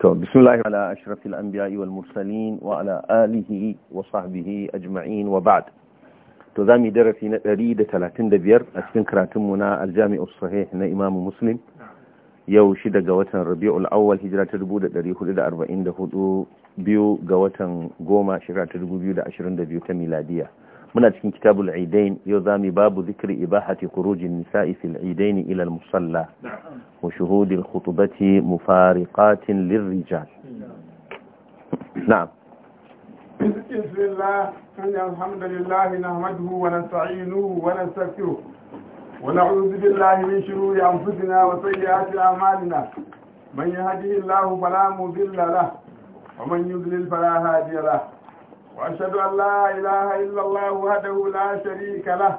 To, bismillahir ala ashrafil anbiya'i wal mursalin wa ala alihi wa sahbihi ajma'in wa ba'd. To zamu darasi na 135 a cikin karatun mu na aljami'u Sahih na imamu Muslim. Yau shi daga watan Rabiul Awwal hijira ta 1444 biyu ga watan goma shekara ta 2022 ta miladiya. من أجل كتاب العيدين يضامي باب ذكر إباحة خروج النساء في العيدين إلى المصلى نعم. وشهود الخطبة مفارقات للرجال نعم بسم الله ان الحمد لله نحمده ونستعينه ونستغفره ونعوذ بالله من شرور انفسنا وسيئات اعمالنا من يهده الله فلا مضل له ومن يضلل فلا هادي له وأشهد أن لا إله إلا الله وحده لا شريك له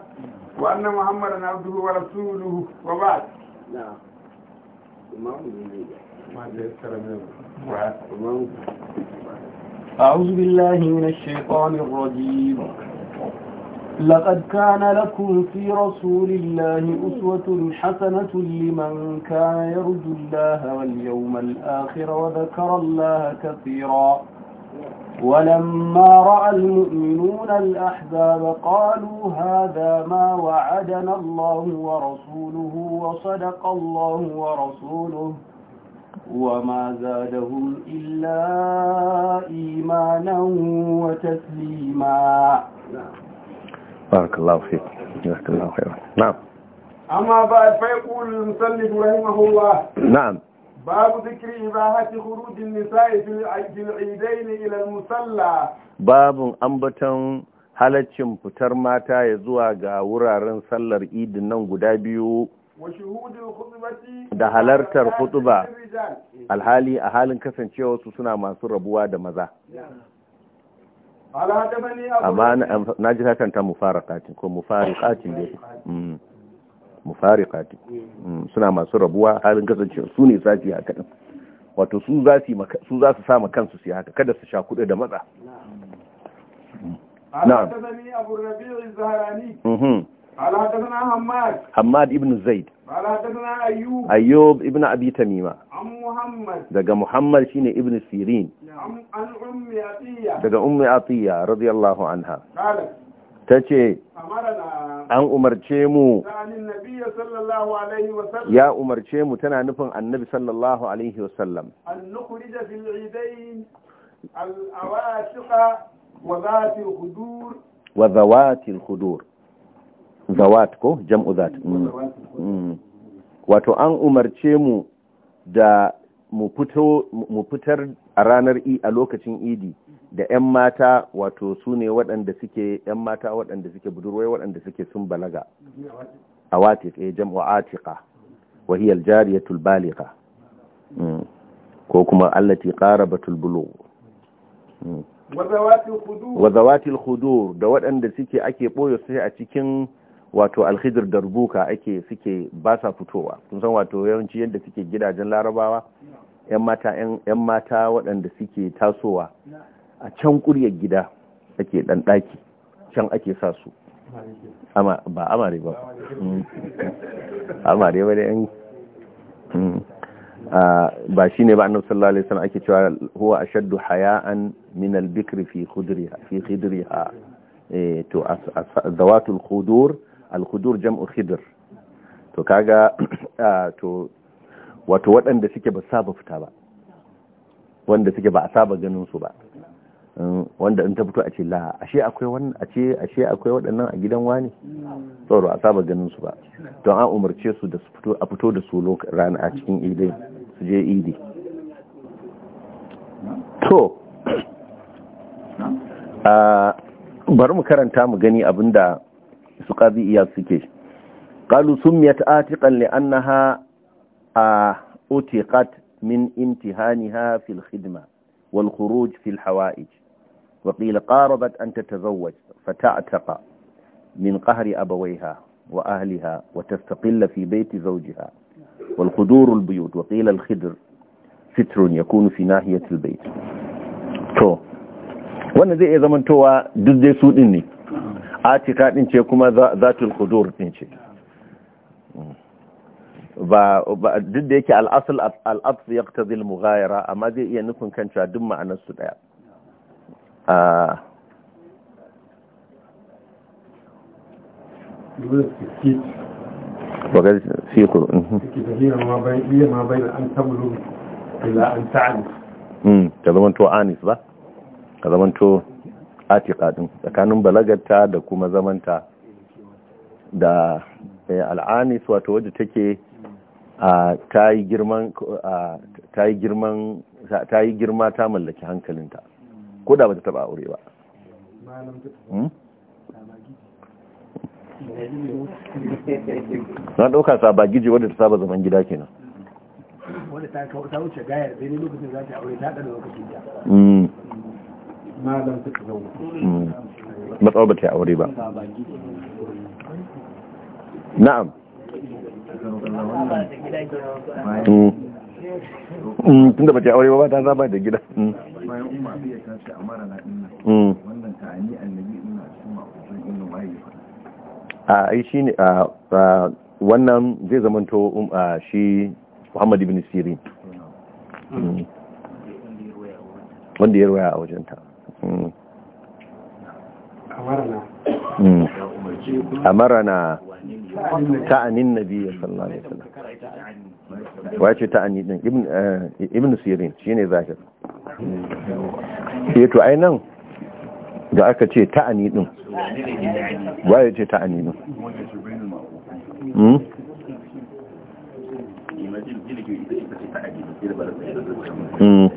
وأن محمدا عبده ورسوله وبعد نعم أعوذ بالله من الشيطان الرجيم لقد كان لكم في رسول الله أسوة حسنة لمن كان يرجو الله واليوم الآخر وذكر الله كثيرا ولما رأى المؤمنون الأحزاب قالوا هذا ما وعدنا الله ورسوله وصدق الله ورسوله وما زادهم إلا إيمانا وتسليما بارك الله فيك جزاك الله خيرا نعم أما بعد فيقول المسلم رحمه الله نعم باب ذكر إباحة خروج النساء في العيدين إلى المصلى باب أنبتن halaccin fitar mata ya zuwa ga wuraren sallar idin nan guda biyu da halartar hutuba alhali a halin kasancewa su suna masu rabuwa da maza amma na ji hakan ta mufarakatin ko mufarakatin dai mufarika ta mm, suna masu rabuwa halin kasancewa su ne zafi a kadan wato su za su sama kansu su yi haka kada su sha kudu da matsa mm-hmm. ibn ayyub ibn abi tamima daga muhammad shine ibn sirin daga ummi atiya radiyallahu anha ta ce an umarce mu ya umarce mu tana nufin annabi sallallahu alaihi wasallam wa zawatil hudur zawat ko jam'u zat mm. Mm. wato an umarce mu da mu fito mu fitar a ranar i a lokacin idi da 'yan mata wato su ne waɗanda suke 'yan mata waɗanda suke budurwai waɗanda suke sun balaga a watif a eh, jam'a atiqa wahiyar jariyatul baliga mm. ko kuma allati ƙara bulugh mm. wa zawatil da waɗanda suke ake ɓoye su a cikin wato alhijir rubuka ake suke ba sa fitowa sun san wato yawanci yadda suke gidajen larabawa yan mata waɗanda suke tasowa a can kuryar gida ake dan daki can ake sa su ba amare ba mm. amare ba da yan mm. ba shi ne ba annabi sallallahu alaihi wasallam ake cewa huwa ashaddu haya'an min al-bikr fi khudriha fi khidriha eh, to zawatul khudur al-khudur jam'u khidr to kaga to wato waɗanda suke ba saba fita ba wanda suke ba a saba ganin su ba wanda in ta fito a ce la ashe akwai wannan a ce ashe akwai waɗannan a gidan wani tsoro a saba ganin su ba don an umarce su da su fito a fito da su rana a cikin ide su je idi to a bari mu karanta mu gani abinda su kazi iya suke qalu summiyat atiqan li annaha a utiqat min imtihaniha fil khidma wal khuruj fil hawa'ij وقيل قاربت أن تتزوج فتعتق من قهر أبويها وأهلها وتستقل في بيت زوجها والخدور البيوت وقيل الخدر ستر يكون في ناهية البيت تو وانا زي iya من توا dai su din ne atika din كما ذات الخدور qudur din ba duk da yake al'asul asl al yaqtadi al mughayira amma zai iya nufin kanta duk ma'anar su daya a wagar fiku mhm. mm, zamanto anis ba ka zamanto atika din tsakanin balagarta da kuma zamanta da eh, al'anis wato wadda take ta yi girma ta mallaki hankalinta ko da ba ta taba aure ba hmm? na ɗauka sabagiji wadda ta saba zaman gida kenan wadda ta wuce gayar sai ne lokacin za ta aure ta ɗan lokacin da hmm. hmm. matsawar ba ta aure ba na'am Mm, tun da aure ba ta zaba da gida mm. bayan umma biya ta mm. a wannan ani annabi a zai zamanto um, shi Muhammad ibn Sirin wanda ya ruwaya a wajenta marana ta'anin nabi sallallahu alaihi wasallam wace ta yi din ibn eh, sirin shine zahir eh to ai nan da aka ce ta yi din waye ce ta ani din hmm? hmm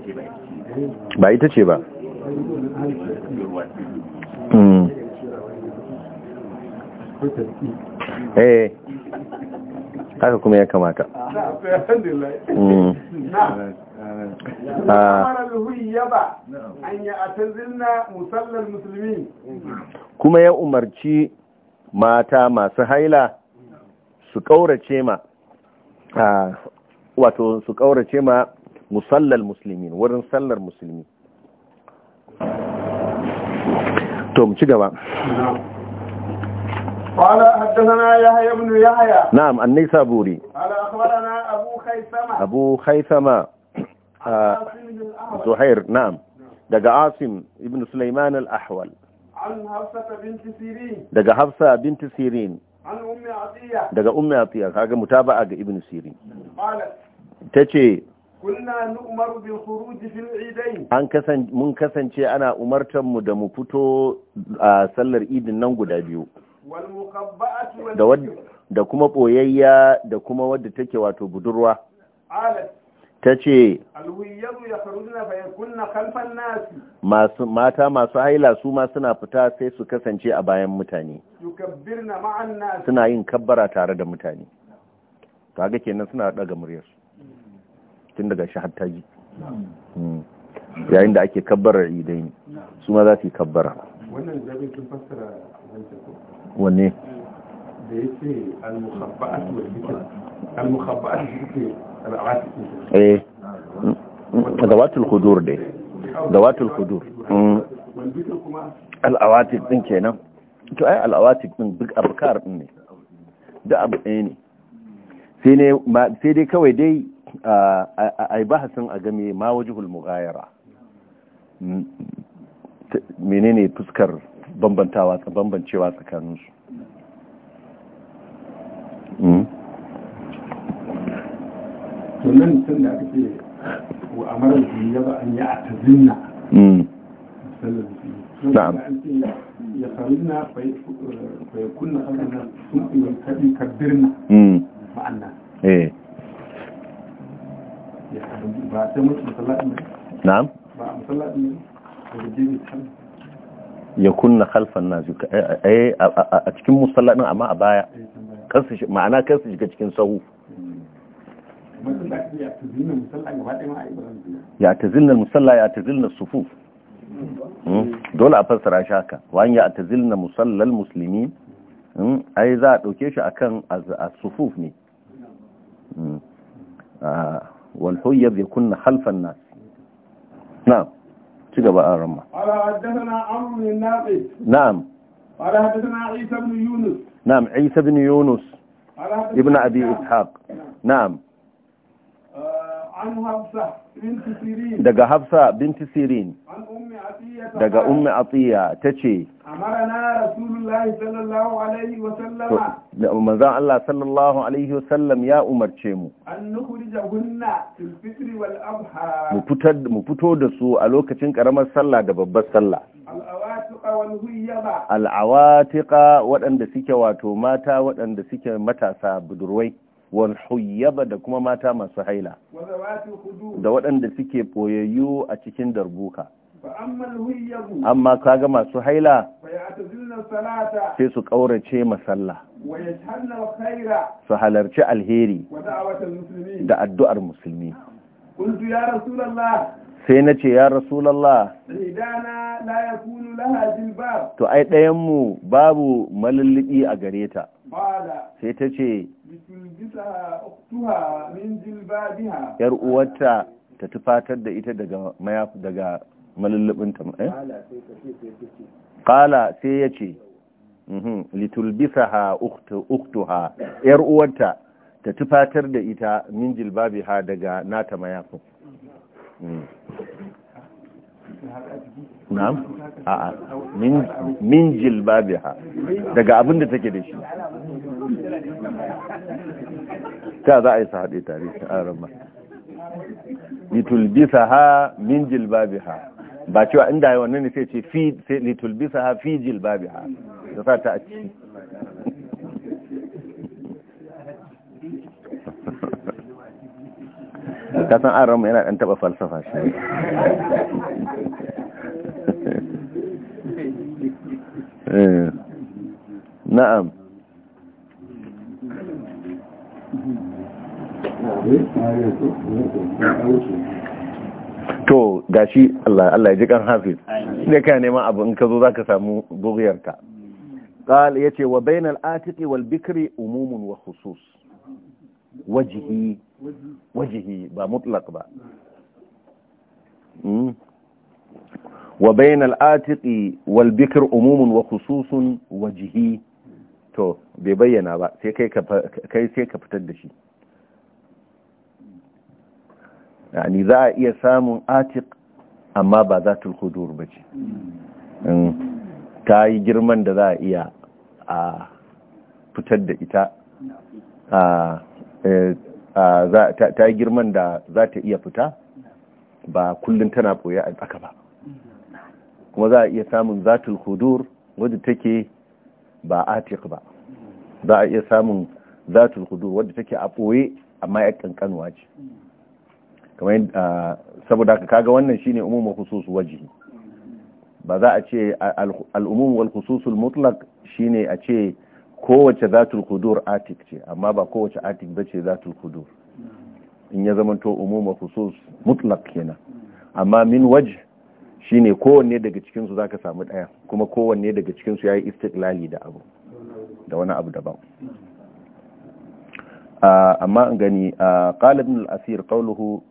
ba ita ce ba hmm. eh haka kuma ya kamata hmm. ah. kuma ya umarci mata masu haila su ƙaurace ma ah, wato su kaurace ma musallar musulmi wurin sallar musulmi to mu ci gaba قال حدثنا يحيى بن يحيى نعم النيسابوري قال اخبرنا ابو خيثمه ابو خيثمه زهير نعم دقى عاصم ابن سليمان الاحول عن حفصه بنت سيرين دقى حفصه بنت سيرين عن ام عطيه دقى ام عطيه كاجا متابعه ga ابن سيرين قالت تتي كنا نؤمر بالخروج في العيدين ان كسن من كسنتي انا ana umartar mu da mu fito a sallar idin da kuma ɓoyayya da kuma wadda take wato budurwa ta ce mata masu haila su ma suna fita sai su kasance a bayan mutane suna yin kabbara tare da mutane ta ga kenan suna daga muryarsu tun daga shi ji hmm. yayin da ake kabbara idai su ma za su yi kabbara wannan sun fassara wancan wanne da ya ce al-mukhabba'at wa zikr al-mukhabba'at zikr al-atif eh zawatul hudur dai zawatul hudur mm. al-awatif din kenan to ai al-awatif din duk abkar din ne da abu ɗaya ne sai dai kawai dai a yi bahasin a game ma wajihul mughayara mm. menene fuskar bambantawa bambancewa tsakaninsu hmm? nan da aka ce wa ya ba an yi a ta hmm. ya bai kunna sun ɗin kaɗi ba ta mutu masallaɗin na'am ba a masallaɗin da ya kunna khalfan nasu eh, eh, a cikin musalla amma a baya ma'ana kan su shiga cikin sahu ya ta zilna musalla ya ta zilna sufu hmm? dole a fassara shi haka wani ya ta zilna musallal musulmi hmm? ai za a ɗauke shi akan a sufuf ne hmm? ah, walhoyar ya kunna halfan nasu na'am ci gaba na'am na'am isa bin yunus ibn abi ishaq na'am daga hafsa binti sirin daga ummi atiya ta ce amarana rasulullahi manzan Allah sallallahu alaihi wasallam ya umarce mu mu fitar mu fito da su a lokacin karamar sallah da babbar sallah al'awatiqa waɗanda suke wato mata waɗanda suke matasa budurwai huyyaba da kuma mata masu haila da waɗanda suke ɓoyayyu a cikin darbuka amma kaga masu haila sai su ƙaurace masalla su halarci alheri da addu'ar musulmi sai na ce ya rasulallah to ai ɗayanmu babu malullubi a gare ta sai ta ce yar uwarta ta tufatar da ita daga malallabinta eh ƙala sai yace mhm ha uktu ha yar uwarta ta tufatar da ita min ha daga nata mayafin mm. na'am a'a min jilbabi ha daga abin da take da shi ta za a yi haɗe tare a ramar ha min ha. ba cewa inda ya wannan ne sai ce fi sai litulbisa ha fi jilbabi ha da sa ta a ciki ka san an ramu yana dan taba falsafa shi na'am Thank you. to ga shi Allah ya ji kan hafiz ne ka neman abu in ka zo zaka samu bugiyarka qal yace wa bainal atiqi wal bikri umumun wa khusus wajhi wajhi ba mutlaq ba hmm? wa bainal atiqi wal bikr umumun wa khususun wajhi to bai bayyana ba sai kai sai ka fitar da shi yani za a iya samun atik amma ba za ta hudur ba ce ta yi girman da za a iya a fitar da ita e, ta yi girman da za ta iya fita ba kullum tana ɓoye a tsaka ba kuma za a iya samun zatul hudur wadda take ba atik ba za a iya samun zatul hudur wadda take a ɓoye amma ya kankanuwa ce kamar ah, saboda kaga wannan shine umumu khusus wajhi ba za a ce al-umum wal khusus al-mutlaq shine a ce kowace zatul kudur atik ce amma ba kowace atik bace zatul kudur in ya zamanto umuma khusus mutlaq kenan amma min waj shine kowanne daga cikin su zaka samu daya kuma kowanne daga cikin su yayi istiqlali da abu da wani abu daban ah, amma an gani ah, asir qawluhu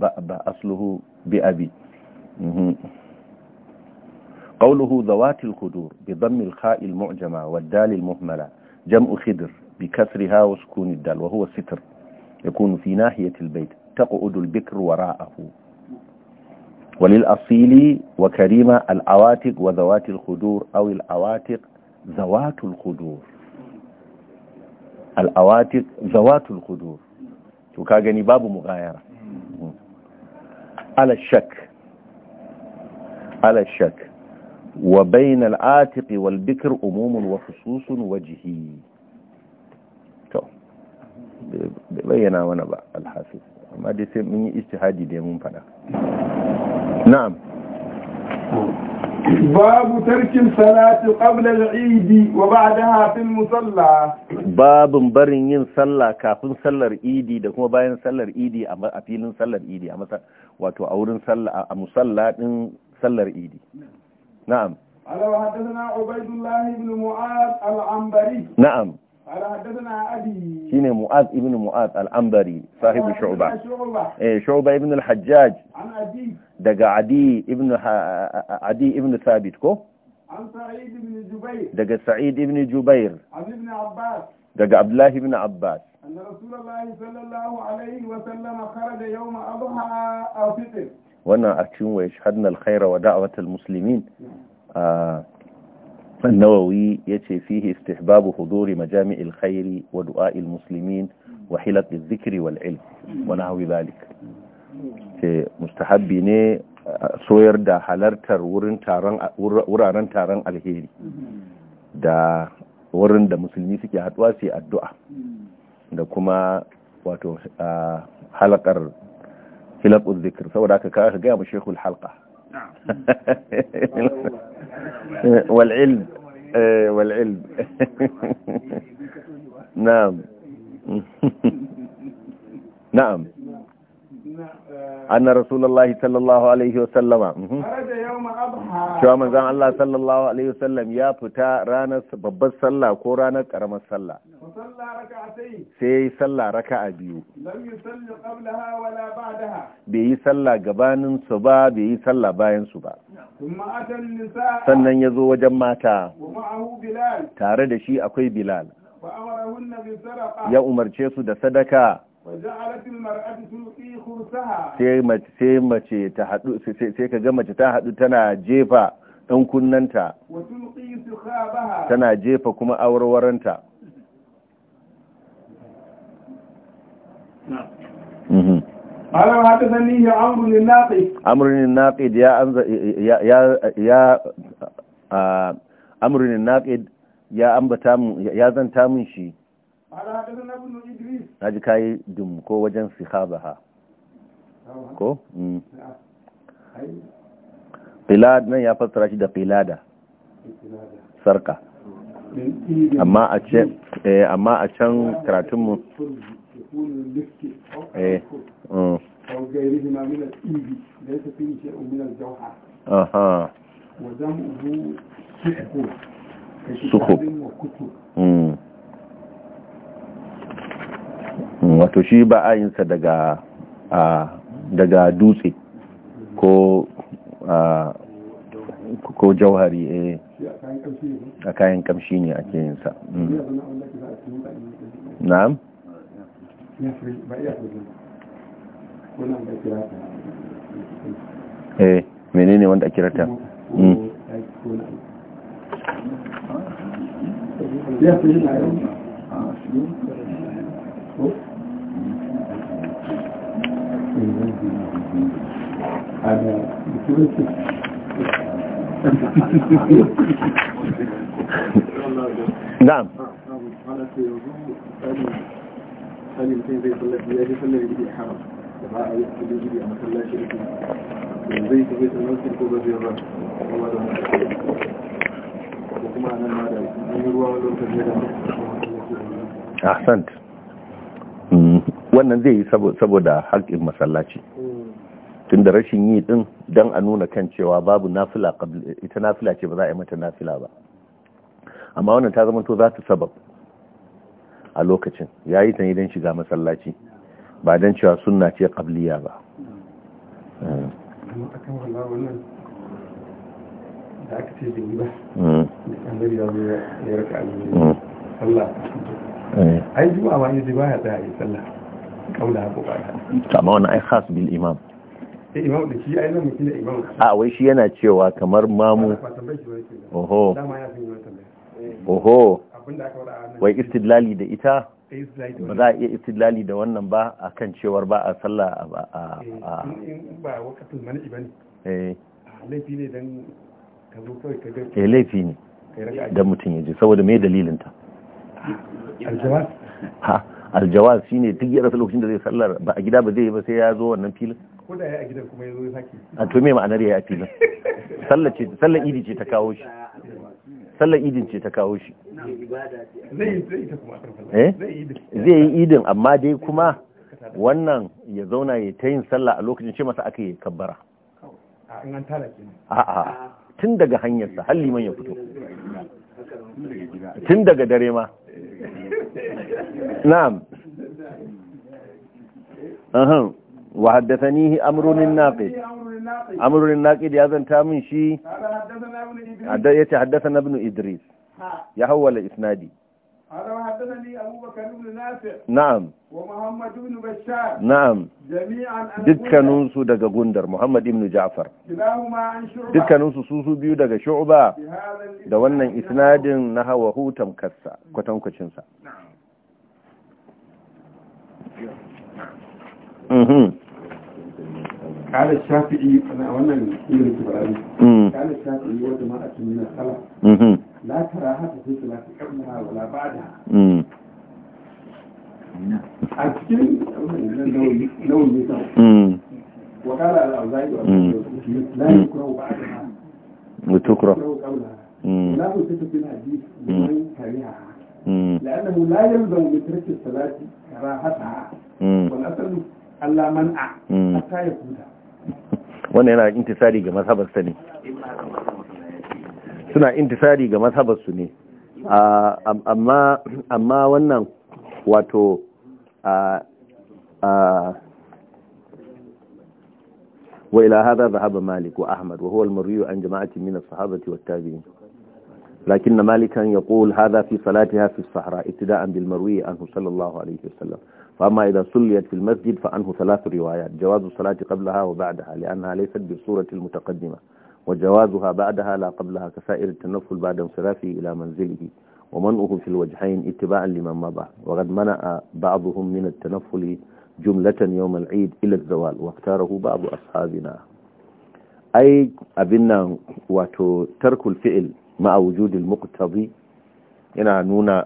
بأبى أصله بأبي قوله ذوات الخدور بضم الخاء المعجمة والدال المهملة جمع خدر بكسرها وسكون الدال وهو ستر يكون في ناحية البيت تقعد البكر وراءه وللأصيل وكريمة العواتق وذوات الخدور أو العواتق ذوات الخدور العواتق ذوات الخدور وكاغني باب مغايرة ala shak ala shak wa bainal atiqi wal bikr umumun wa khususun wajhi to bayyana wani ba alhafiz amma dai sai mun yi ijtihadi dai mun fada na'am باب ترك الصلاة قبل العيد وبعدها في Musalla. باب barin yin sallah kafin sallar idi da kuma bayan sallar idi a filin sallar idi a wato a wurin a musalla din sallar idi na'am ala hadathana ubaidullah ibn mu'az al-anbari na'am ala hadathana abi shine mu'az ibn mu'az al-anbari Sahibu shu'ba eh shu'ba ibn al-hajjaj daga adi ibn adi ibn thabit ko daga sa'id ibn jubair daga abdullahi ibn abbas أن رسول الله صلى الله عليه وسلم خرج يوم أضحى أو فطر وانا أكشن ويشهدنا الخير ودعوة المسلمين آه النووي يتي فيه استحباب حضور مجامع الخير ودعاء المسلمين وحلة الذكر والعلم ونحو ذلك mustahabbi ne soyar da halartar wuraren taron alheri da wurin da musulmi suke haduwa su addu'a da kuma wato halakar hilakun zikir saboda aka kawo gaya mu shekul halka wal'ilm na'am na'am anna rasulullahi sallallahu alaihi wasallama mhm. cewa manzan Allah sallallahu alaihi wasallam ya fita ranar babbar sallah ko ranar karamar sallah sai ya yi sallah raka'a biyu bai yi sallah gabanin su ba bai yi sallah bayan su ba sannan ya zo wajen mata tare da shi akwai bilal ya umarce su da sadaka sai mace ta haɗu sai mace ta hadu tana jefa ɗan kunnanta tana jefa kuma awarwaranta mhm. Alam ya ya zanta mun shi na ji kayi dum ko wajen ha, ko? qilad nan ya fassara shi da filada? sarka amma a can amma a can karatun mu eh aha suku wato shi ba a yinsa daga daga dutse ko ko jauhari eh. a kayan kamshi ne ake yinsa hmm. na'am eh menene wanda ake rata hmm. ya fi na'am ahsant mm, wannan zai yi saboda haƙƙin masallaci tun da rashin yi din don a nuna kan cewa babu nafila ita nafila ce ba za a yi mata nafila ba amma wannan ta zama to za ta sabab a lokacin ya yi ta idan don shiga masallaci ba don cewa suna ce kabliya ba hmm. da aka ce ba hmm. da ya ya raka annabi hmm. sallah eh. ai juma'a ma yaji baya tsaya yi sallah kaula ba amma wannan ai khas bil imam a wai shi yana cewa kamar mamu oho eh, oho wai istidlali da ita eh, ba za a iya istidlali da wannan ba a kan cewar ba a sallah a eh, ba a ba wakatun ah, mani laifi ne dan kawai ka laifi ne da mutum ya ji saboda mai dalilinta ta aljawaz ha aljawaz shine duk ya rasa lokacin da zai sallar ba a gida ba zai yi ba sai ya zo wannan filin ko ya a gidan kuma ya zo a to me ma'anar ya yi a filin sallar idi ce ta kawo shi sallar idin ce ta kawo shi eh? zai yi idin amma dai kuma wannan ya zauna ya ta yin sallah a lokacin ce masa aka yi kabbara a'a tun daga hanyarsa har liman ya fito tun daga dare ma na'am eh. wa امر الناقد امر الناقد يزن تامن شي ya zanta min shi yace haddathana ibn idris ya هذا حدثني ابو بكر بن نافع نعم ومحمد بن بشار نعم جميعا سو daga gundar Muhammad ibn Ja'far dukkanin su biyu daga Shu'ba da wannan isnadin na hawa hutam kassa kwatankwacin sa mhm قال الشافعي أنا وأنا إلى الكبراني قال الشافعي وجماعة من السلف لا كراهة في صلاة قبلها ولا بعدها a cikin nauyin nisa وقال الأوزاعي لا يكره بعدها وتكره لا تثبت في الحديث بمن كرهها لأنه لا يلزم بترك الصلاة كراهتها والأصل ألا منع حتى يكون wannan yana intisari ga mazhabarsa sani suna intisari ga mazhabarsu ne amma wannan wato wa ila hada zahaba malik wa ahmad wa huwa al-marwi an jama'ati min as-sahabati wa at-tabi'in lakinna malikan yaqul hada fi salatiha fi as-sahra ittida'an bil marwi anhu sallallahu alayhi wa sallam فأما إذا صليت في المسجد فأنه ثلاث روايات جواز الصلاة قبلها وبعدها لأنها ليست بالصورة المتقدمة وجوازها بعدها لا قبلها كسائر التنفل بعد انصرافه إلى منزله ومنعه في الوجهين اتباعا لمن مضى وقد منع بعضهم من التنفل جملة يوم العيد إلى الزوال واختاره بعض أصحابنا أي أبنا وترك الفعل مع وجود المقتضي yana نونا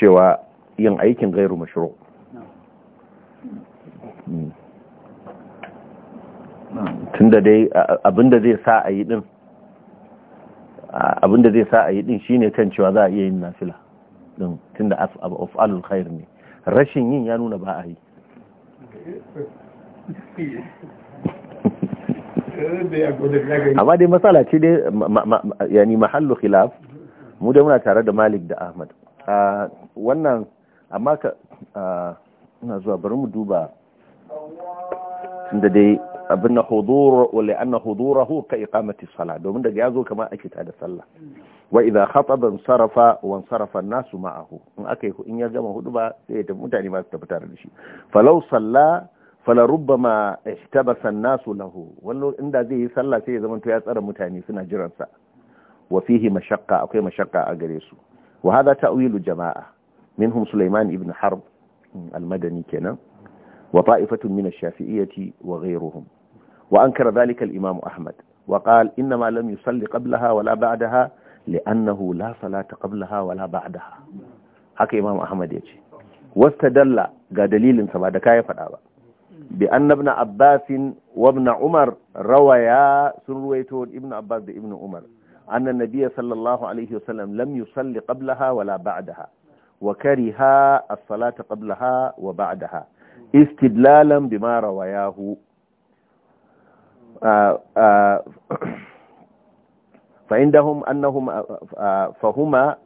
شواء yin aikin gairu tunda dai abinda zai sa a yi din abinda zai sa a yi din shine kan cewa za a iya yin nafila din tunda af'alul khair ne rashin yin ya nuna ba a yi amma dai matsala ce dai yani mahallu khilaf mu dai muna tare da malik da ahmad wannan amma ka ina zuwa bari mu duba tunda dai abin na hudura wale an na hudura ka sala domin daga ya zo kama ake tada sallah wa idza khataba sarafa wa sarafa nasu ma'ahu in aka yi in ya gama huduba sai ya mutane ma su tafi tare da shi falau salla fala rubbama ihtabasa nasu lahu wallo inda zai yi sallah sai ya zama to ya tsara mutane suna jiran sa wa fihi mashaqqa akwai mashaqqa a gare su wa hada ta'wilu jama'a minhum sulaiman ibn harb al-madani kenan وطائفة من الشافعية وغيرهم وأنكر ذلك الإمام أحمد وقال إنما لم يصلي قبلها ولا بعدها لأنه لا صلاة قبلها ولا بعدها حكى إمام أحمد يجي واستدل قدليل سبعد كايفة بأن ابن عباس وابن عمر رويا سرويتون ابن عباس ابن عمر أن النبي صلى الله عليه وسلم لم يصلي قبلها ولا بعدها وكره الصلاة قبلها وبعدها استدلالا بما رواياه فعندهم أنهم فهما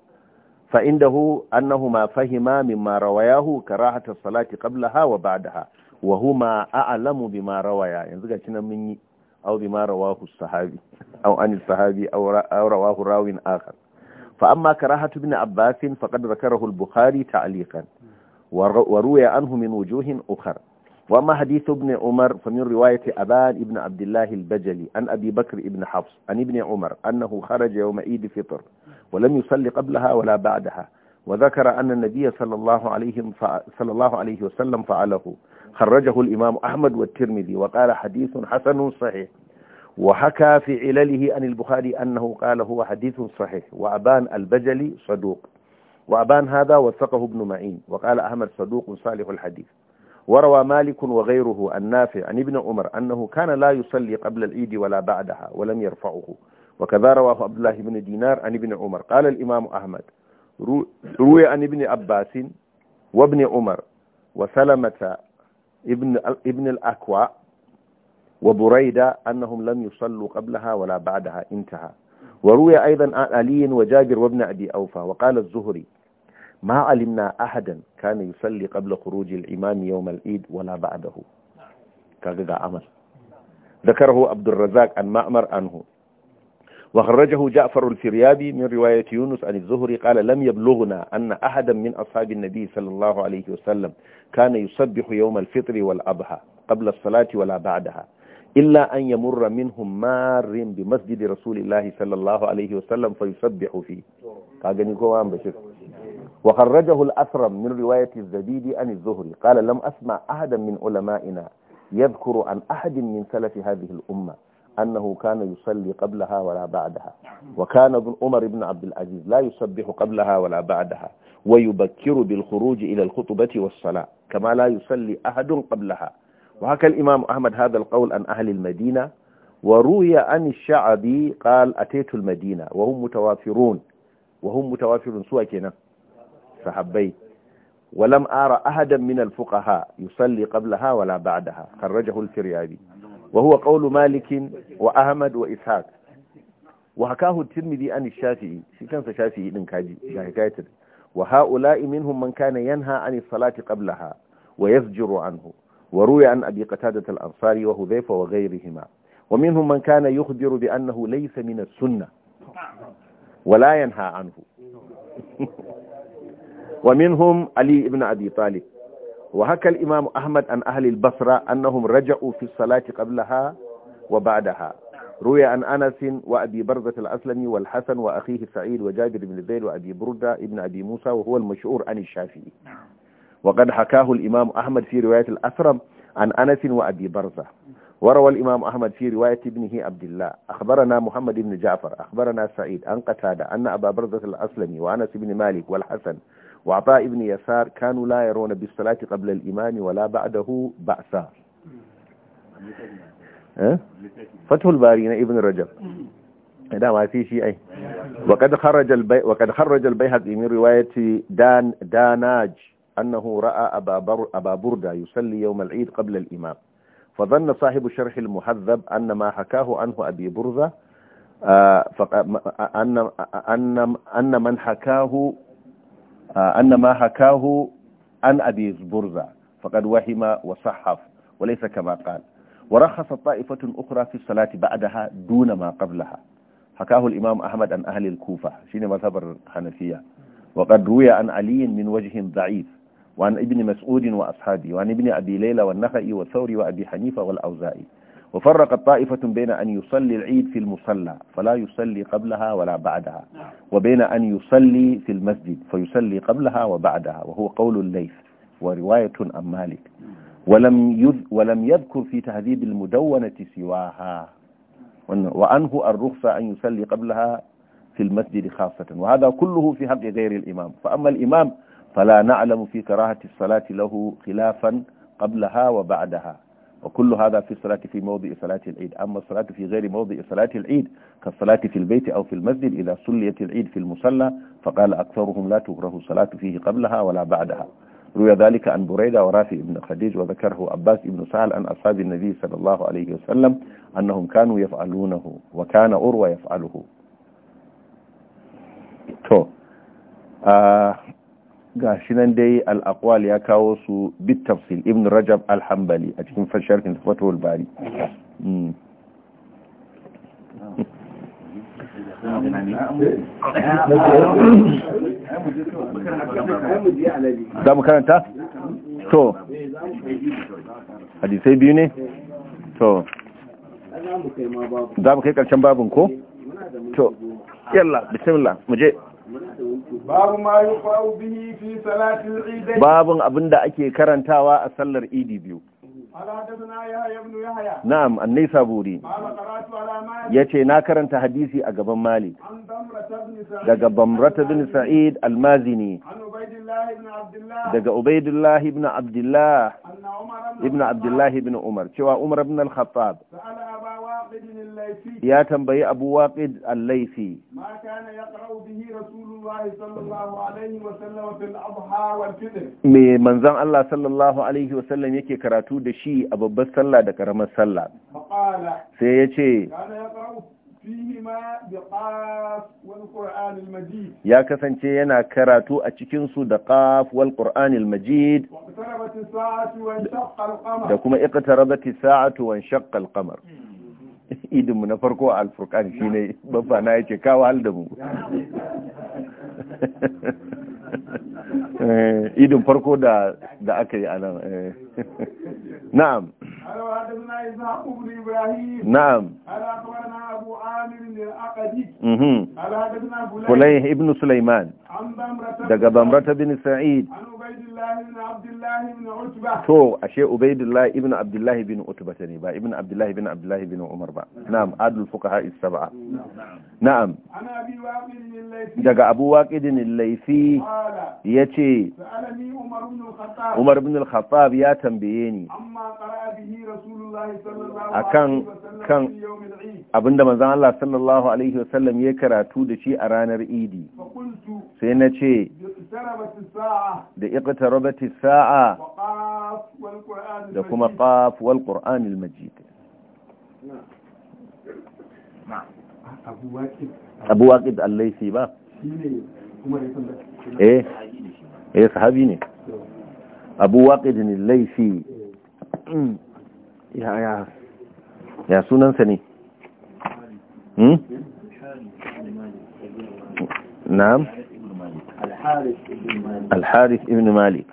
فعنده أنهما فهما مما رواياه كراهة الصلاة قبلها وبعدها وهما أعلم بما روايا ينزل كنا مني أو بما رواه الصحابي أو عن الصحابي أو, أو رواه راو آخر فأما كراهة ابن عباس فقد ذكره البخاري تعليقا وروي عنه من وجوه أخر وأما حديث ابن عمر فمن رواية أبان ابن عبد الله البجلي عن أبي بكر ابن حفص عن ابن عمر أنه خرج يوم عيد فطر ولم يصلي قبلها ولا بعدها وذكر أن النبي صلى الله عليه, صلى الله عليه وسلم فعله خرجه الإمام أحمد والترمذي وقال حديث حسن صحيح وحكى في علله عن البخاري أنه قال هو حديث صحيح وأبان البجلي صدوق وأبان هذا وثقه ابن معين وقال أحمد صدوق صالح الحديث وروى مالك وغيره النافع عن ابن عمر أنه كان لا يصلي قبل العيد ولا بعدها ولم يرفعه وكذا رواه عبد الله بن دينار عن ابن عمر قال الإمام أحمد روي عن ابن عباس وابن عمر وسلمة ابن, ابن الأكوى وبريدة أنهم لم يصلوا قبلها ولا بعدها انتهى وروي أيضا علي وجابر وابن أبي أوفى وقال الزهري ما علمنا أحدا كان يصلي قبل خروج الإمام يوم العيد ولا بعده كذا عمل ذكره عبد الرزاق عن مأمر عنه وخرجه جعفر الفريابي من رواية يونس عن الزهري قال لم يبلغنا أن أحدا من أصحاب النبي صلى الله عليه وسلم كان يسبح يوم الفطر والأضحى قبل الصلاة ولا بعدها إلا أن يمر منهم مار بمسجد رسول الله صلى الله عليه وسلم فيسبح فيه قال كو وخرجه الأثرم من رواية الزبيد عن الزهري قال لم أسمع أحدا من علمائنا يذكر عن أحد من سلف هذه الأمة أنه كان يصلي قبلها ولا بعدها وكان ابن عمر بن عبد العزيز لا يسبح قبلها ولا بعدها ويبكر بالخروج إلى الخطبة والصلاة كما لا يصلي أحد قبلها وحكى الإمام أحمد هذا القول عن أهل المدينة وروي عن الشعبي قال أتيت المدينة وهم متوافرون وهم متوافرون سوى suwa kenan ولم أرى أحدا من الفقهاء يصلي قبلها ولا بعدها خرجه الفريابي وهو قول مالك وأحمد وإسحاق وحكاه الترمذي عن الشافعي كان شافعي دين كاجي وهؤلاء منهم من كان ينهى عن الصلاة قبلها ويزجر عنه وروي عن أبي قتادة الأنصاري وهذيفة وغيرهما ومنهم من كان يخبر بأنه ليس من السنة ولا ينهى عنه ومنهم علي بن أبي طالب وهكى الإمام أحمد عن أهل البصرة أنهم رجعوا في الصلاة قبلها وبعدها روي عن أنس وأبي برزة الأسلمي والحسن وأخيه سعيد وجابر بن زيد وأبي بردة ابن أبي موسى وهو المشهور عن الشافعي وقد حكاه الإمام أحمد في رواية الأثرم عن أنس وأبي برزة وروى الإمام أحمد في رواية ابنه عبد الله أخبرنا محمد بن جعفر أخبرنا سعيد أن قتادة أن أبا بردة الأسلمي وأنس بن مالك والحسن وعطاء بن يسار كانوا لا يرون بالصلاة قبل الإمام ولا بعده بأسا أه؟ فتح البارين ابن رجب لا ما في شيء أي وقد خرج البي وقد خرج البيهقي من رواية دان داناج أنه رأى أبا, بر أبا بردة يصلي يوم العيد قبل الإمام فظن صاحب الشرح المحذب أن ما حكاه عنه أبي برزة آه، أن, أن, أن من حكاه آه، أن ما حكاه عن أبي برزة فقد وهم وصحف وليس كما قال ورخص طائفة أخرى في الصلاة بعدها دون ما قبلها حكاه الإمام أحمد عن أهل الكوفة شين مذهب الحنفية وقد روي عن علي من وجه ضعيف وعن ابن مسعود وأصحابه وعن ابن أبي ليلى والنخعي والثوري وأبي حنيفة والأوزائي وفرقت طائفة بين أن يصلي العيد في المصلى فلا يصلي قبلها ولا بعدها وبين أن يصلي في المسجد فيصلي قبلها وبعدها وهو قول الليث ورواية عن مالك ولم, يذ ولم يذكر في تهذيب المدونة سواها وأنه الرخصة أن يصلي قبلها في المسجد خاصة وهذا كله في حق غير الإمام فأما الإمام فلا نعلم في كراهة الصلاة له خلافا قبلها وبعدها وكل هذا في الصلاة في موضع صلاة العيد أما الصلاة في غير موضع صلاة العيد كالصلاة في البيت أو في المسجد إذا صليت العيد في المصلى فقال أكثرهم لا تكره الصلاة فيه قبلها ولا بعدها روي ذلك عن بريدة ورافي بن خديج وذكره عباس بن سهل عن أصحاب النبي صلى الله عليه وسلم أنهم كانوا يفعلونه وكان أروى يفعله تو آه، ga shi nan dai al'akwal ya kawo su bit tafsil ibn rajab al a cikin fasharkin fatowar bari hmm. za mu karanta? to hadisai biyu ne? to za mu kai karshen babin ko? to yalla bismillah mu je babu abin da abinda ake karantawa a sallar idi biyu Na'am, annai saburi. Ya ce, Na karanta hadisi a gaban mali. Daga Bamrata bin Sa'id almazini Daga Ubaidullah ibn Abdullah ibn Abdullah ibn Umar. Cewa Umar ibn al ya tambayi abu waqid al-laifi ma kana yaqra'u wa sallam me manzon Allah sallallahu alaihi wa sallam yake karatu da shi a babbar sallah da karamar sallah sai ya ce. ya kasance yana karatu a cikinsu da qaf wal al majid da kuma iqtarabat as-sa'atu wa shaqqa al-qamar hmm. idinmu na farko a alfurkan shi ne babba na ya ce kawo hal da mu eh, idin farko da aka yi a eh. na'am na'am kulayh mhm. ibn sulaiman daga bambarta bin sa'id to ashe Ubaidullahi ibn Abdullahi bin utba ne ba ibn abdullahi bin abdullahi bin umar ba na'am adul fuqaha as-sab'a na'am daga abu waqidin al-laythi yace umar bin al-khattab ya tambaye ni akan kan abinda manzon Allah sallallahu alaihi wasallam ya karatu da shi a ranar idi sai na ce da اقتربت الساعة da kuma qaf wal qur'an al ne abu الحارث ابن مالك الحارث ابن مالك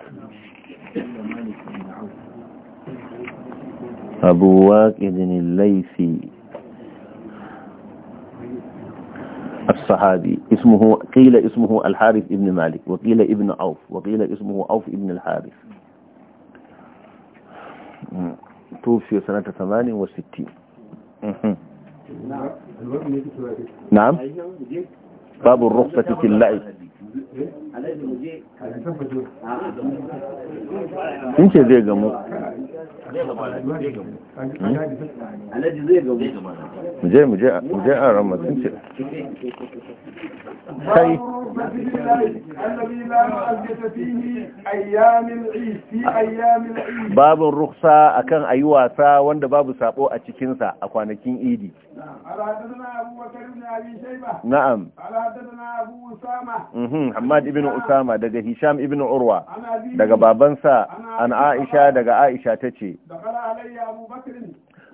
أبو واقد الليثي الصحابي اسمه قيل اسمه الحارث ابن مالك وقيل ابن عوف وقيل اسمه عوف ابن الحارث توفي سنة 68 نعم. نعم باب الرخصة في اللعب in ce zai gamu hmm? muje muje sun ce babin ruksa akan ayi wasa wanda babu sabo a cikinsa a kwanakin idi قال حدثنا أبو بكر نعم قال حدثنا أبو أسامة حماد ابن أسامة دقى هشام ابن عروة دقى بابنسا عن عائشة دقى عائشة تشي دخل علي أبو بكر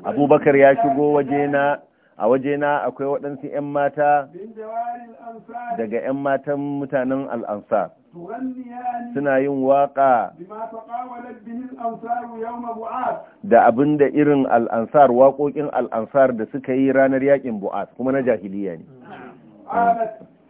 أبو بكر يا شقو وجينا a wajena akwai waɗansu 'yan mata daga 'yan matan mutanen al'ansa suna yin waƙa da abin da irin al'ansar waƙoƙin al'ansar da suka yi ranar yaƙin bu'as kuma na jahiliya ne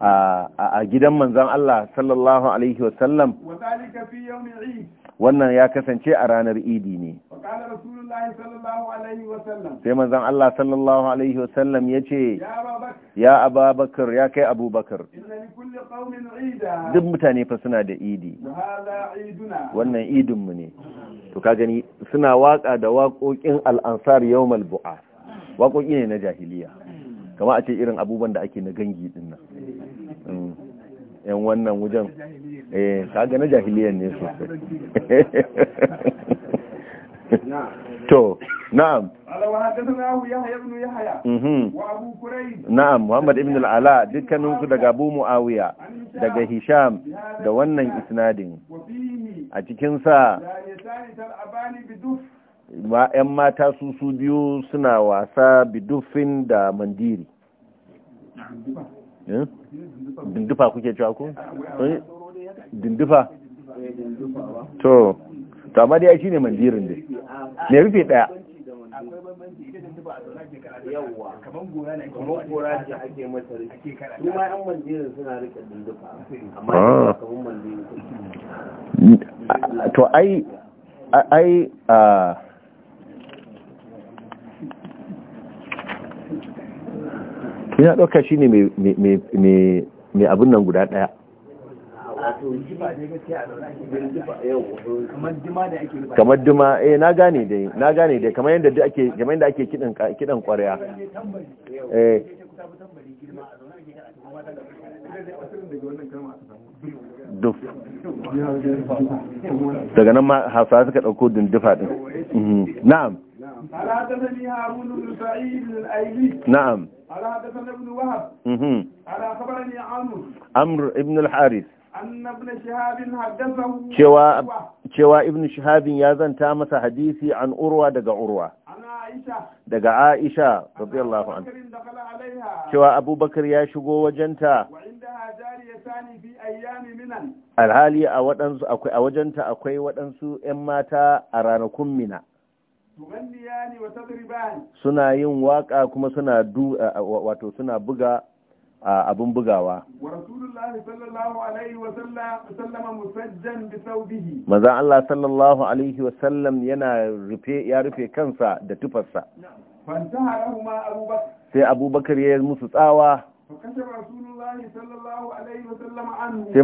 a gidan manzan Allah sallallahu alaihi wasallam wannan ya kasance a ranar idi ne sai manzan Allah sallallahu alaihi wasallam ya ce ya ababakar ya kai abubakar duk mutane fa suna da idi wannan idinmu ne to ka gani suna waka da waƙoƙin al'ansar yawmal bu'a waƙoƙi ne na jahiliya kama a ce irin abubuwan da ake na gangi dinnan yan wannan wujen eh kaga na jahiliyyar ne sosai to na'am mhm. na'am muhammad ibn al-ala dukkanin su daga abu muawiya daga hisham da wannan isnadin a cikin sa yan mata su su biyu suna wasa bidufin da mandiri Eh? dindufa kuke cewa ku eh? dindufa to to amma dai shi ne mandirin dai me rufe daya ah. to ai ai ina ɗauka shi ne mai abin nan guda ɗaya kamar duma eh na gane dai na gane dai kamar yadda ake kamar yadda ake kidan kidan ƙwarya eh. duf daga nan ma hausawa suka ɗauko dundufa din mhm. na'am na'am قال حدثنا ابن وهب قال أخبرني عمرو عمرو ابن الحارث أن ابن شهاب حدثه ابن شهاب يازن تامس حديثي عن أروى دقى أروى daga Aisha anha cewa Abubakar ya shigo wajenta alhali a akwai a wajenta akwai waɗansu ƴan mata a ranakun mina suna yin waka kuma suna du wato suna buga abin bugawa maza Allah sallallahu alaihi wasallam yana rufe ya rufe kansa da tufarsa sai abubakar ya yi musu tsawa sai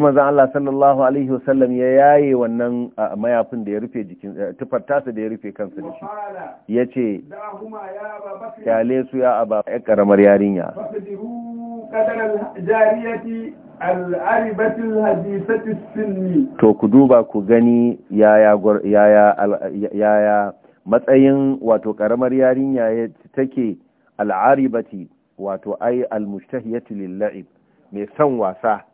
manzan Allah sallallahu alaihi wasallam ya yaye wannan mayafin da ya rufe jikin eh, tufartasa da ya rufe kansa da shi ya ce kyale su ya aba ya karamar yarinya to ku duba ku gani yaya matsayin wato karamar yarinya take al'aribati wato ai almustahiyatu lilla'ib mai son wasa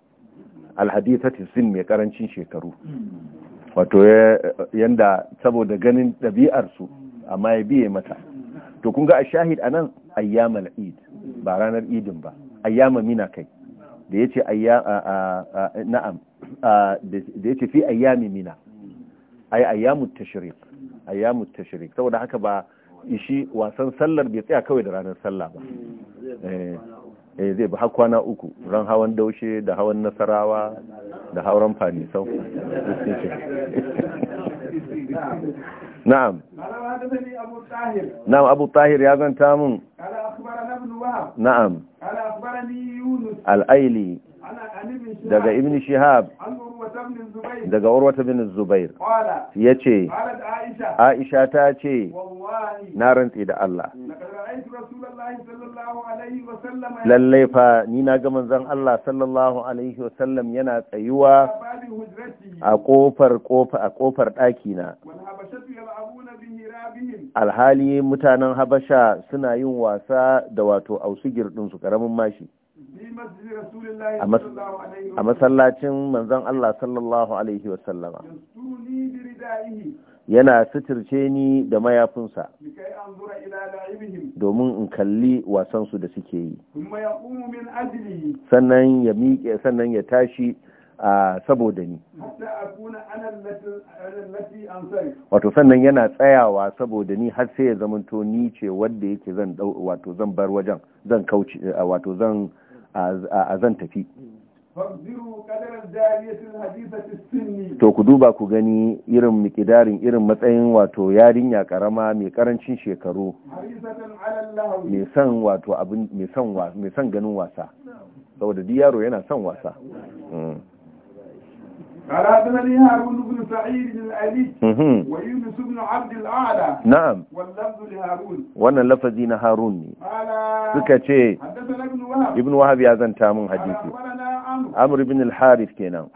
alhadithati sin mai karancin shekaru wato yanda saboda ganin ɗabi'arsu su amma ya biye mata to kun ga a shahid anan ayyamal id ba ranar idin ba ayyama mina kai da yace ayya na'am da yace fi ayyami mina ai ayyamut tashrik ayyamut tashrik saboda haka ba ishi wasan sallar bai tsaya kawai da ranar sallah ba Eh, eh zai bi har kwana uku ran hawan daushe da hawan nasarawa da hauran sau na'am na'am abu tahir ya zanta mun na'am al'aili daga ibn shihab daga urwata bin zubair ya ce aisha ta ce na rantsi da Allah lallai fa ni na ga manzon Allah sallallahu alaihi wasallam yana tsayuwa a kofar kofa a kofar daki alhali mutanen habasha suna yin wasa da wato ausugir din su karamin mashi a masallacin manzon Allah sallallahu alaihi wasallama yana suturce ni da mayafinsa domin in kalli wasansu da suke yi sannan ya miƙe sannan ya tashi a saboda ni wato sannan yana tsayawa saboda ni har sai ya zamanto ni ce wadda yake zan wato zan bar wajen zan kauce wato zan a zan tafi To ku duba ku gani irin mikidarin irin matsayin wato yarinya karama mai karancin shekaru mai son ganin wasa saboda duk yaro yana son wasa wannan mm. هارون بن سعيد ويونس بن عبد نعم واللفظ لهارون وانا هارون ne suka ce ibn wahab ya zanta min hadisi amr ibn al-harith kenan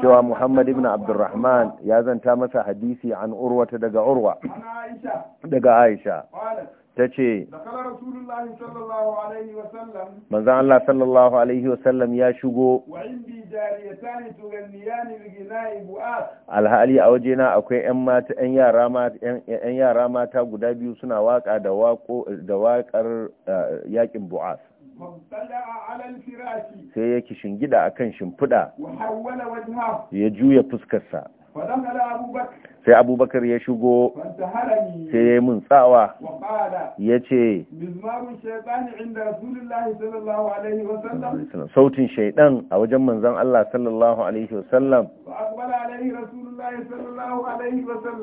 cewa muhammad ibn abdurrahman ya zanta masa hadisi an urwa ta daga urwa daga aisha ta ce manzan Allah sallallahu alaihi wasallam ya shigo alhali a wajena akwai 'yan yara mata guda biyu suna waka da wakar eh, yakin bu'as sai ya shingida a kan shimfiɗa ya juya fuskarsa sai abubakar ya shigo sai ya yi mun tsawa ya ce sautin shaidan a wajen manzan Allah sallallahu alaihi wasallam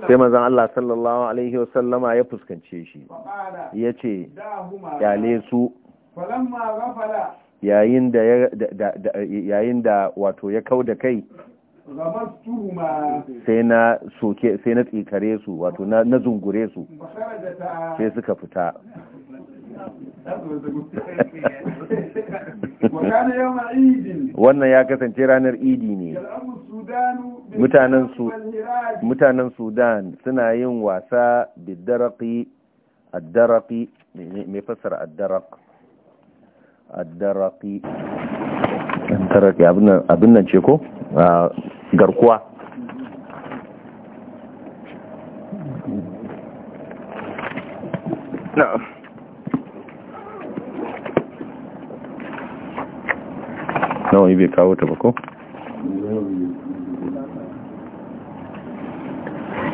sai manzan Allah sallallahu alaihi wasallama ya fuskance shi ya ce kyale su yayin da wato ya kau da kai sai na soke sai na tsikare su wato na zungure su sai suka fita wannan ya kasance ranar idi ne mutanen sudan suna yin wasa bidaraki addaraki mai fassara addaraki addaraki addaraki abin nan ce ko garkuwa na wani bai kawo ta ba ko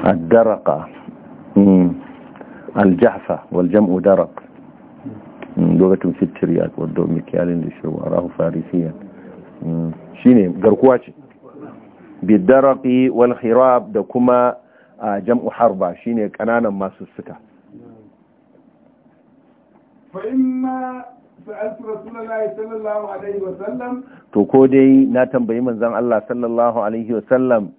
الدرقة الجحفة lokacin mm, fitiri a wadda mikiyalin da shi wa rahu farisiya mm, shi ne garkuwa ce bidaraki walhirab da kuma jam'u harba shi ne kananan masu suka to ko dai na tambayi manzan Allah sallallahu alaihi wasallam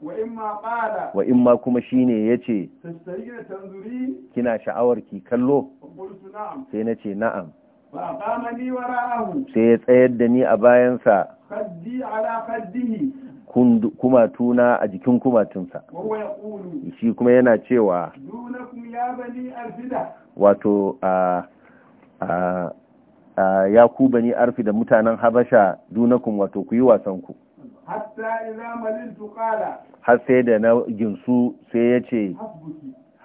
wa imma kuma shine yace kina sha'awar ki kallo sai na ce na'am sai ya tsayar da ni a bayansa kumatuna a jikin kumatunsa shi kuma yana cewa wato a ya ku bani arfi da mutanen habasha dunakun wato ku yi wasanku har sai da na ginsu sai yace.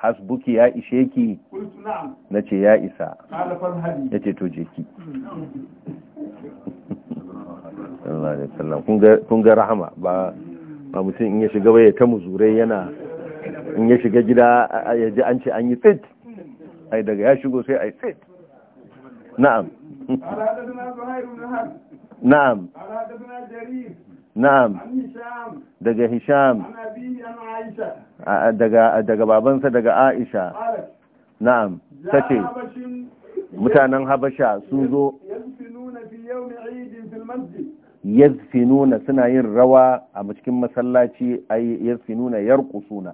hasbuki ya ishe ki na ce ya isa ya ce to je ki kun ga rahama ba mutum in ya shiga waya ta muzurai yana in ya shiga gida ya ji an ce an yi fit ai daga ya shigo sai ai fit na'am na'am na'am daga hisham daga babansa daga aisha na'am tace mutanen habasha sun zo yazfinuna suna yin rawa a cikin masallaci ay yazfinuna yarqusuna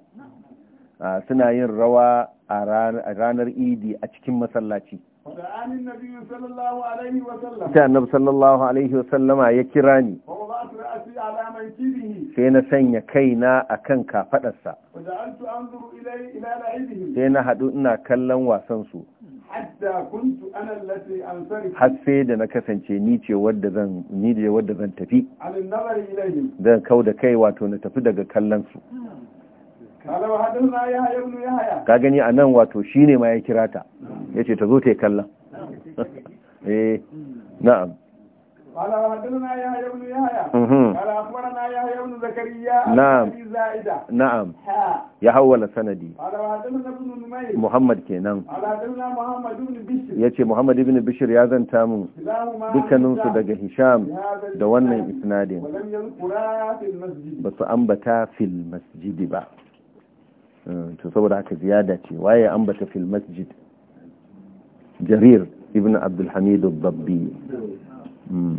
suna yin rawa a ranar idi a cikin masallaci sai annabi sallallahu alaihi wasallama ya kira ni sai na sanya kaina a kan kafaɗarsa sai na haɗu ina kallon wasansu har sai da na kasance ni ce wadda zan tafi. zan kau da kai wato na tafi daga kallon su ka gani a nan wato shine ma ya kira ta yace ta zo ta kallon eh na'am قال وحدثنا يحيى بن يحيى قال اخبرنا يحيى yace Muhammad ibn Bishir ya zanta mun dukkanin daga Hisham da wannan isnadin ba su ambata fil masjid ba hmm, to saboda haka ziyada ce waye ambata fil masjid jarir ibn abdulhamid al-dabbi hmm.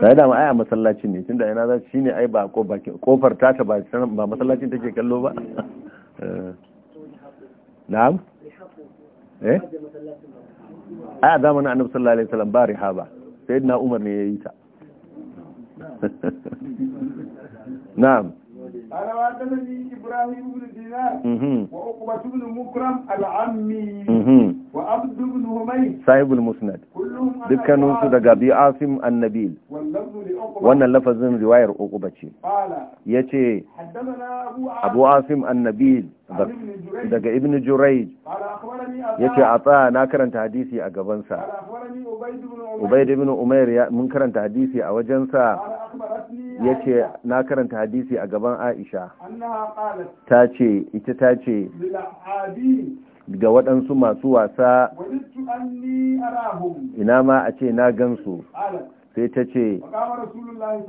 sai da ai a masallacin ne tunda ina za shi ne ai ba kofar ta ba ba masallacin take kallo ba eh. na'am eh ai a zamanin annabi sallallahu alaihi wasallam ba rihaba sayyidina umar ne yayi ta na'am قال وحدثني ابراهيم بن daga bi asim annabil wannan lafazin riwayar uquba ce yace abu asim annabil daga ibn jurayj yace tsaya na karanta hadisi a gabansa ubayd ibn Umar mun karanta hadisi a wajensa yace na karanta hadisi a gaban Aisha ta ce ita ta ce ga waɗansu masu wasa ina ma a ce na gansu sai ta ce sai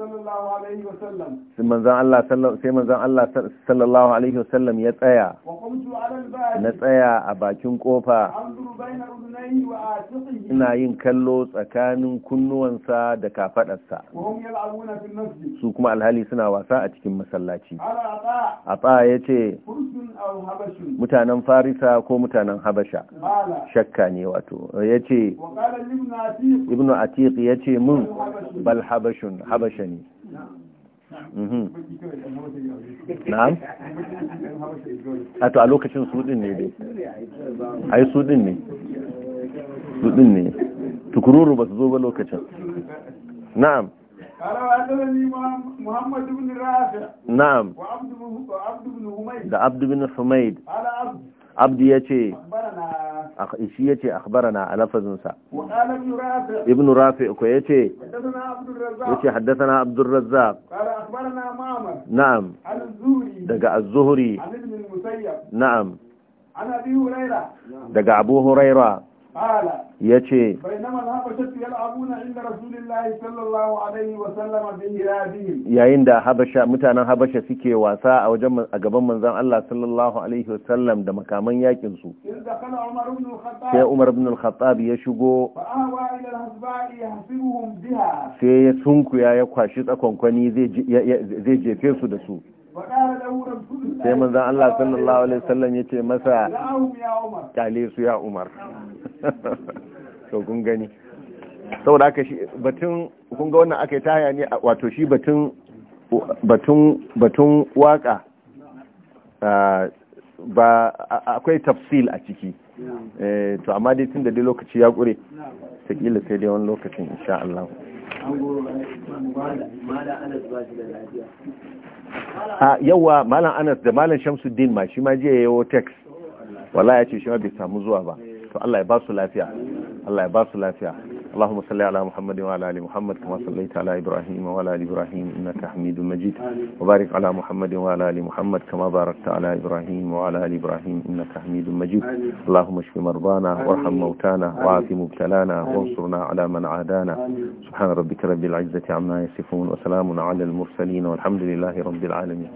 manzan Allah sallallahu alaihi wasallam ya tsaya na tsaya a bakin kofa ina yin kallo tsakanin kunnuwansa da kafadarsa su kuma alhali suna wasa a cikin masallaci a ya ce mutanen farisa ko mutanen habasha shakka ne wato ya ce ibnu atiq ya ce mun bal habashun habashani na'am a a lokacin sudin ne dai ai sudin ne sudin ne tukururu ba su zo ba lokacin na'am na'am da abdu bin humaid abdu ya ce shi yace akhbarana a lafazin sa ibn rafi ko yace yace haddathana abdur razzaq na'am daga az-zuhri na'am daga abu huraira ya ce yayin da habasha mutanen habasha suke wasa a wajen a gaban manzon Allah sallallahu alaihi wasallam da makaman yakin su sai Umar ibn al-Khattab ya shigo sai ya sunku ya kwashi tsakonkwani zai jefe su da su sai manzon Allah sallallahu alaihi wasallam ya ce masa kyale su ya Umar to kun gani saboda aka shi batun kun ga wannan aka yi ta ne wato shi batun batun batun waka ba akwai tafsil a ciki eh, to amma dai tun da dai lokaci ya kure sakila sai dai wani lokacin insha Allah a yawa malam anas da malam shamsuddin ma shi ma jiya yawo text wala ya ce shi ma bai samu zuwa ba to Allah ya ba su lafiya Allah ya lafiya Allahumma salli ala Muhammad wa ala ali Muhammad kama sallaita ala Ibrahim wa ala Ibrahim innaka Hamidum Majid wa barik ala Muhammad wa ala ali Muhammad kama barakta ala Ibrahim wa ala ali Ibrahim innaka Hamidum Majid Allahumma shfi marbana warham mautana wa mubtalana wansurna ala adana subhana rabbika rabbil izzati amma yasifun wa salamun ala al mursalin walhamdulillahi rabbil